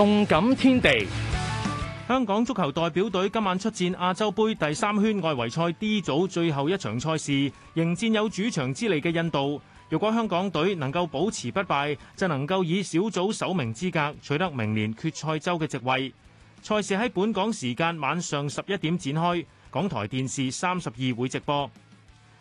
動感天地，香港足球代表隊今晚出戰亞洲盃第三圈外圍賽 D 組最後一場賽事，迎戰有主場之利嘅印度。如果香港隊能夠保持不敗，就能夠以小組首名資格取得明年決賽周嘅席位。賽事喺本港時間晚上十一點展開，港台電視三十二會直播。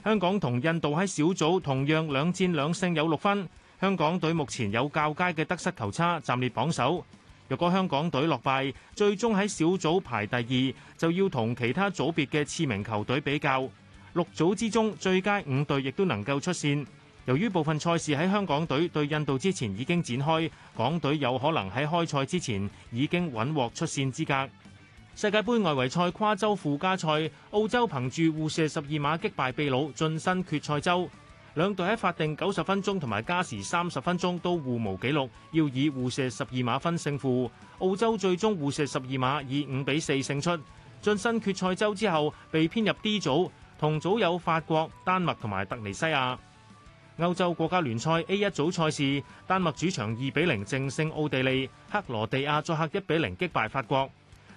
香港同印度喺小組同樣兩戰兩勝有六分，香港隊目前有較佳嘅得失球差，暫列榜首。若果香港隊落敗，最終喺小組排第二，就要同其他組別嘅次名球隊比較。六組之中最佳五隊亦都能夠出線。由於部分賽事喺香港隊對印度之前已經展開，港隊有可能喺開賽之前已經穩獲出線資格。世界盃外圍賽跨洲附加賽，澳洲憑住互射十二碼擊敗秘魯，晉身決賽周。兩隊喺法定九十分鐘同埋加時三十分鐘都互無紀錄，要以互射十二碼分勝負。澳洲最終互射十二碼以五比四勝出，晉身決賽周之後被編入 D 組，同組有法國、丹麥同埋突尼西亞。歐洲國家聯賽 A 一組賽事，丹麥主場二比零淨勝奧地利，克羅地亞作客一比零擊敗法國。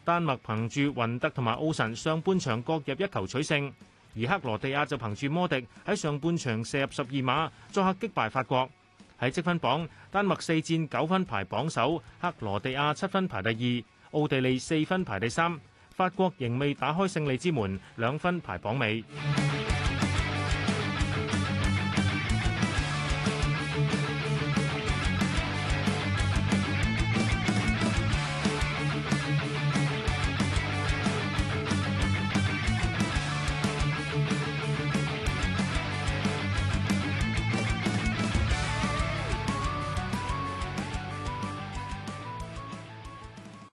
丹麥憑住雲特同埋奧神上半場各入一球取勝。而克羅地亞就憑住摩迪喺上半場射入十二碼，作客擊敗法國。喺積分榜，丹麥四戰九分排榜首，克羅地亞七分排第二，奧地利四分排第三，法國仍未打開勝利之門，兩分排榜尾。